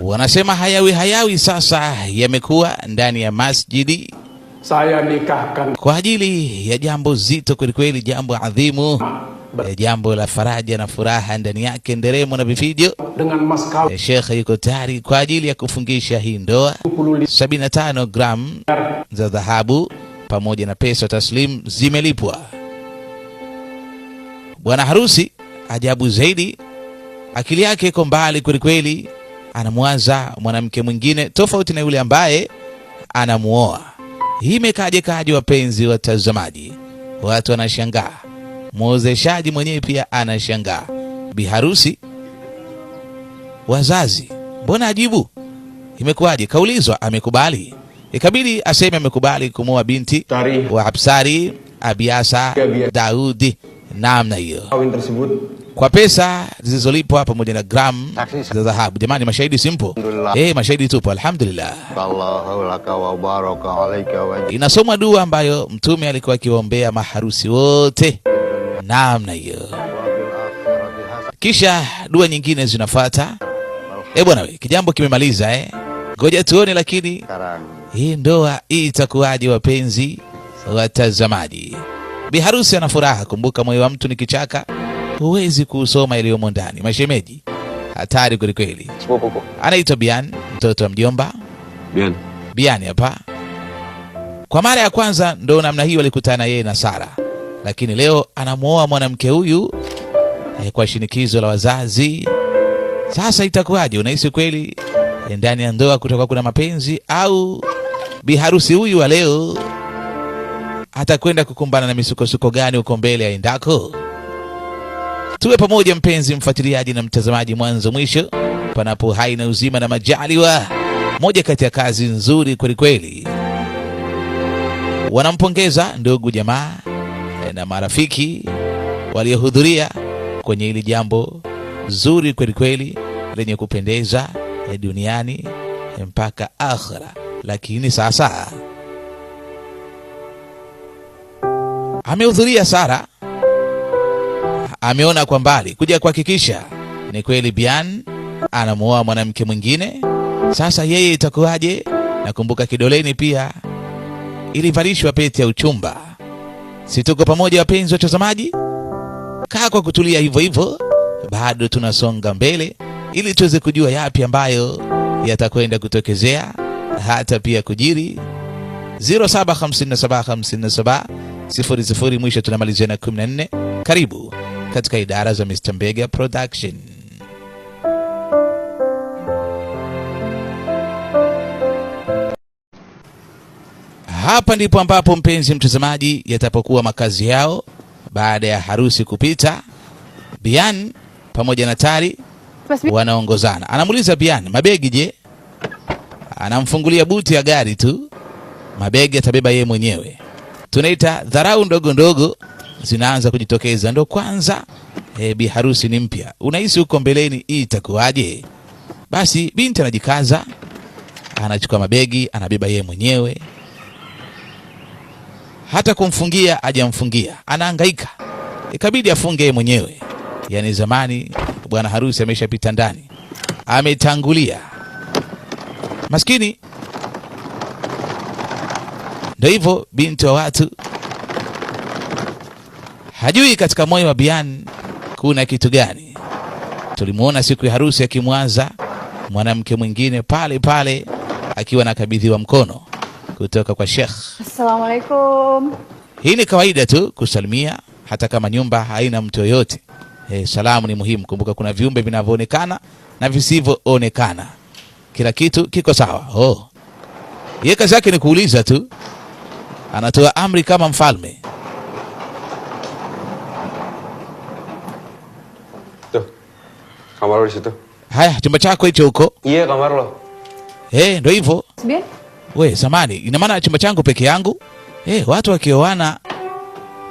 Wanasema hayawi hayawi sasa yamekuwa ndani ya masjidi kwa ajili ya jambo zito kwelikweli, jambo adhimu, jambo la faraja na furaha ndani yake, nderemo na vifijo. Eh, shekhe yuko tayari kwa ajili ya kufungisha hii ndoa 75 gram za dhahabu pamoja na pesa taslim zimelipwa. Bwana harusi ajabu zaidi, akili yake iko mbali kwelikweli anamwaza mwanamke mwingine tofauti na yule ambaye anamuoa. Hii imekaje kaje, wapenzi watazamaji? Watu wanashangaa, mwozeshaji mwenyewe pia anashangaa. Biharusi, wazazi, mbona ajibu? Imekuwaje? Kaulizwa amekubali, ikabidi aseme amekubali kumwoa binti Tari wa Absari Abiasa Daudi namna hiyo kwa pesa zilizolipwa pamoja na gramu za dhahabu. Jamani, mashahidi simpo, eh, mashahidi tupo, alhamdulillah. Inasomwa dua ambayo Mtume alikuwa akiwaombea maharusi wote namna hiyo, kisha dua nyingine zinafuata. Eh bwana we, kijambo kimemaliza eh, ngoja tuone, lakini hii ndoa hii itakuwaje, wapenzi watazamaji? Biharusi ana furaha, kumbuka moyo wa mtu ni kichaka huwezi kuusoma iliyomo ndani. Mashemeji, hatari kwelikweli. Anaitwa Bian, mtoto wa mjomba Bian. Bian hapa kwa mara ya kwanza ndo namna hiyo alikutana yeye na Sara, lakini leo anamwoa mwanamke huyu eh, kwa shinikizo la wazazi. Sasa itakuwaje? Unahisi kweli eh, ndani ya ndoa kutakuwa kuna mapenzi au biharusi huyu wa leo atakwenda kukumbana na misukosuko gani huko mbele aendako? Tuwe pamoja mpenzi mfuatiliaji na mtazamaji mwanzo mwisho, panapo hai na uzima na majaliwa. Moja kati ya kazi nzuri kwelikweli, wanampongeza ndugu jamaa na marafiki waliohudhuria kwenye hili jambo zuri kwelikweli lenye kupendeza duniani mpaka akhira. Lakini sasa amehudhuria Sara ameona kwa mbali kuja kuhakikisha ni kweli Bian anamuoa mwanamke mwingine. Sasa yeye itakuwaje? Nakumbuka kidoleni pia ilivalishwa pete ya uchumba. Si tuko pamoja, wapenzi watazamaji? Kaa kwa kutulia hivyo hivyo, bado tunasonga mbele ili tuweze kujua yapi ambayo yatakwenda kutokezea hata pia kujiri 07575700 mwisho tunamalizia na 14. Karibu katika idara za Mr. Mbega Production. Hapa ndipo ambapo mpenzi mtazamaji, yatapokuwa makazi yao baada ya harusi kupita. Bian pamoja na Tari wanaongozana, anamuuliza Bian, mabegi je? Anamfungulia buti ya gari tu, mabegi atabeba yeye mwenyewe. Tunaita dharau ndogo ndogo zinaanza kujitokeza, ndo kwanza e, eh, biharusi ni mpya. Unahisi huko mbeleni hii itakuwaje? Basi binti anajikaza, anachukua mabegi, anabeba yeye mwenyewe, hata kumfungia ajamfungia anahangaika, ikabidi afunge yeye mwenyewe. Yaani zamani bwana harusi ameshapita ndani, ametangulia maskini. Ndo hivyo binti wa watu hajui katika moyo wa Bian kuna kitu gani. Tulimuona siku ya harusi akimwanza mwanamke mwingine pale pale akiwa nakabidhiwa mkono kutoka kwa Sheikh. Assalamu alaikum. Hii ni kawaida tu kusalimia hata kama nyumba haina mtu yoyote. Eh, salamu ni muhimu. Kumbuka kuna viumbe vinavyoonekana na visivyoonekana. Kila kitu kiko sawa. Oh. Yeye kazi yake ni kuuliza tu. Anatoa amri kama mfalme. Haya, chumba chako hicho huko. Yeah, Kamarlo. Eh, hey, ndio hivyo. Bien. We, samani, ina maana chumba changu peke yangu? Eh, hey, watu wakioana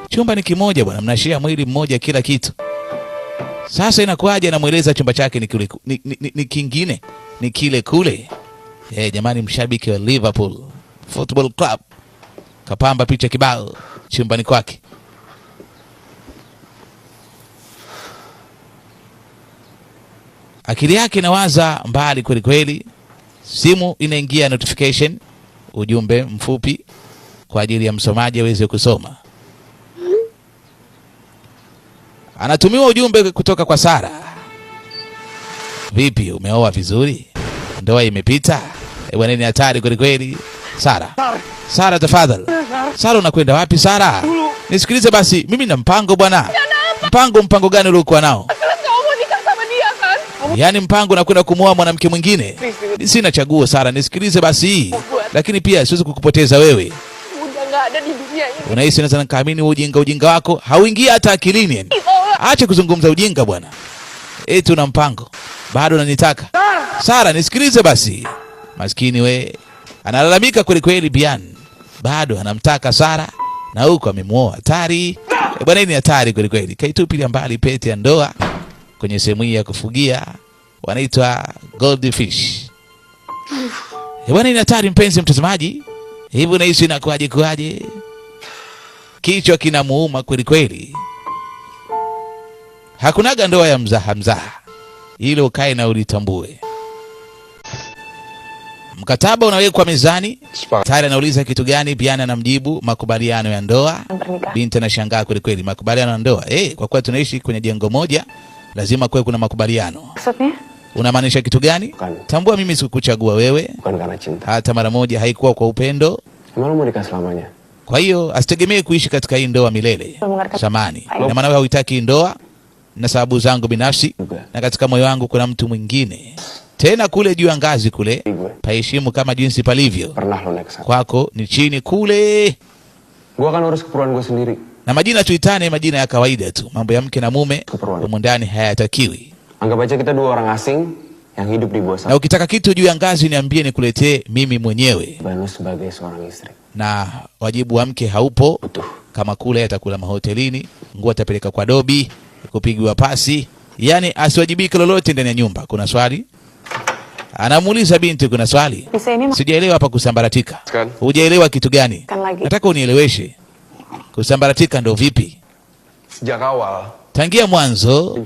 chumba ni kimoja bwana, mnashia mwili mmoja kila kitu. Sasa inakuwaje namweleza chumba chake ni kule ni, ni, ni kingine, ni kile kule. Eh, hey, jamani mshabiki wa Liverpool Football Club. Kapamba picha kibao chumbani kwake. akili yake inawaza mbali kweli kweli. Simu inaingia notification, ujumbe mfupi kwa ajili ya msomaji aweze kusoma. Anatumiwa ujumbe kutoka kwa Sara: vipi, umeoa vizuri? Ndoa imepita? Bwana, eh, ni hatari kweli kweli. Sara, Sara tafadhali. Sara, unakwenda wapi Sara? Nisikilize basi, mimi na mpango bwana. Mpango? Mpango gani uliokuwa nao? yaani mpango na kwenda kumwoa mwanamke mwingine. Sina chaguo, Sara, nisikilize basi, lakini pia siwezi kukupoteza wewe. Unahisi naweza nikaamini ujinga? Ujinga wako hauingii hata akilini. Acha kuzungumza ujinga bwana, eti una mpango bado unanitaka. Sara, nisikilize basi. Maskini we, analalamika kweli kweli. Bian bado anamtaka Sara na huko amemwoa. Hatari eh, bwana, hii ni hatari kweli kweli. Kaitupilia mbali pete ya ndoa kwenye sehemu hii ya kufugia wanaitwa goldfish. Eh, bwana ni hatari mpenzi mtazamaji, hivi nahisi inakuaje kuaje, kichwa kinamuuma kweli kweli. Hakunaga ndoa ya mzaha mzaha, ile ukae na ulitambue. Mkataba unawekwa mezani, tayari anauliza kitu gani, Biana anamjibu makubaliano ya ndoa. Binti anashangaa kweli kweli, makubaliano ya ndoa eh? Kwa kuwa tunaishi kwenye jengo moja, lazima kuwe kuna makubaliano. Unamaanisha kitu gani? Tambua mimi sikuchagua wewe hata mara moja, haikuwa kwa upendo. Kwa hiyo asitegemee kuishi katika hii ndoa milele. Samani, Na maana wewe hauitaki ndoa, na sababu zangu binafsi, na katika moyo wangu kuna mtu mwingine tena kule juu ya ngazi kule, paheshimu kama jinsi palivyo kwako ni chini kule. Na majina tuitane majina ya kawaida tu, mambo ya mke na mume humu ndani hayatakiwi. Anggap aja kita dua orang asing yang hidup di bawah sana. Na ukitaka kitu juu ya ngazi niambie nikuletee mimi mwenyewe. Banu sebagai seorang istri. Na wajibu wa mke haupo. Butuh. Kama kule atakula mahotelini, nguo atapeleka kwa dobi, kupigiwa pasi, yaani asiwajibike lolote ndani ya nyumba. Kuna swali? Anamuuliza binti, kuna swali? Sijaelewa hapa kusambaratika. Hujaelewa kitu gani? Nataka unieleweshe. Kusambaratika ndo vipi? Sijakawa Tangia mwanzo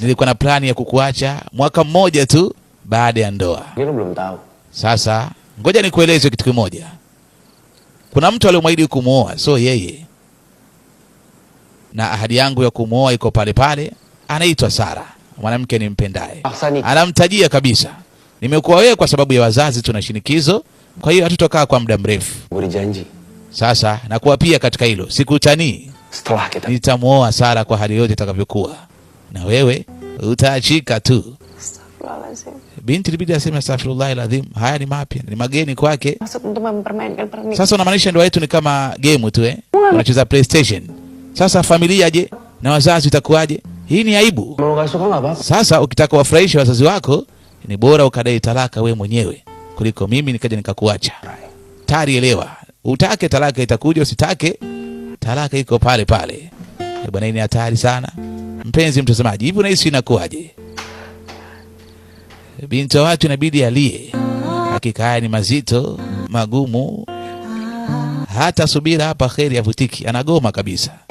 nilikuwa na plani ya kukuacha mwaka mmoja tu baada ya ndoa. Sasa ngoja nikueleze kitu kimoja. Kuna mtu aliyemwahidi kumwoa, so yeye, na ahadi yangu ya kumwoa iko pale pale. Anaitwa Sara, mwanamke nimpendaye. Anamtajia kabisa, nimekuwa wewe kwa sababu ya wazazi, tuna shinikizo, kwa hiyo hatutokaa kwa muda mrefu. Sasa nakuwa pia katika hilo sikutanii nitamwoa Sara kwa hali yote itakavyokuwa, na wewe utaachika tu. Binti libidi aseme astaghfirullahi ladhim. Haya ni mapya, ni mageni kwake. Sasa unamaanisha ndoa yetu ni kama gemu tu eh? Unacheza PlayStation. Sasa familia je, na wazazi itakuwaje? Hii ni aibu. Sasa ukitaka wafurahishe wazazi wako ni bora ukadai talaka we mwenyewe kuliko mimi nikaja nikakuacha. Tari elewa, utake talaka itakuja, usitake talaka iko pale pale. Eh, bwana, ni hatari sana. Mpenzi mtazamaji, hivi unahisi inakuwaje? Eh, binti wa watu inabidi alie. Hakika haya ni mazito, magumu, hata subira hapa kheri yavutiki anagoma kabisa.